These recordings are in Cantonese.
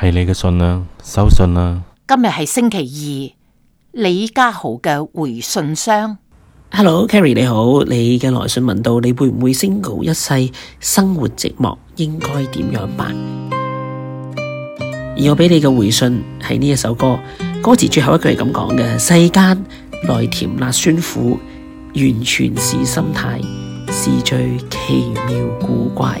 係你嘅信啦，收信啦。今日係星期二，李家豪嘅回信箱。Hello，Carrie 你好，你嘅來信問到你會唔會 Single 一世生活寂寞，應該點樣辦？而我俾你嘅回信係呢一首歌，歌詞最後一句係咁講嘅：世間內甜辣酸苦，完全是心態，是最奇妙古怪。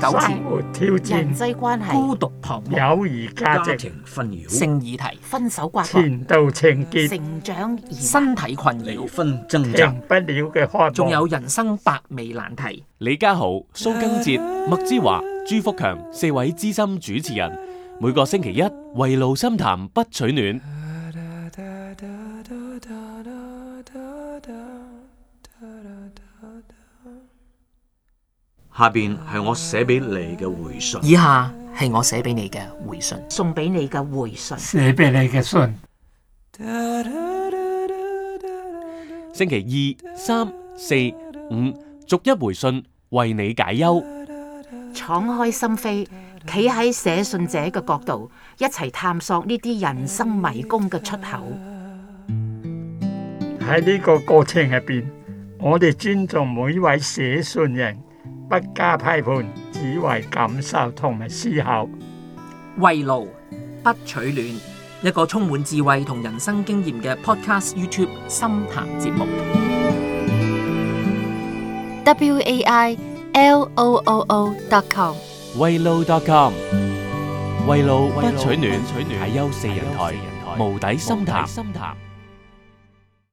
生活挑戰、人際關係、孤獨寂寞、友誼價值、家庭糾葛、性議題、分手關頭、前度情結、成長、身體困擾、離婚爭執、仲有人生百味難題。李家豪、蘇經哲、麥之華、朱福強四位資深主持人，每個星期一圍爐心談不取暖。下邊係我寫俾你嘅回信。以下係我寫俾你嘅回信，送俾你嘅回信，寫俾你嘅信。星期二、三、四、五，逐一回信，為你解憂。敞開心扉，企喺寫信者嘅角度，一齊探索呢啲人生迷宮嘅出口。喺呢個過程入邊，我哋尊重每一位寫信人。不加批判，只為感受同埋思考。為路不取暖，一個充滿智慧同人生經驗嘅 Podcast YouTube 深談節目。wailooo.com 為路 .com 為路不取暖，係由四人台無底深談。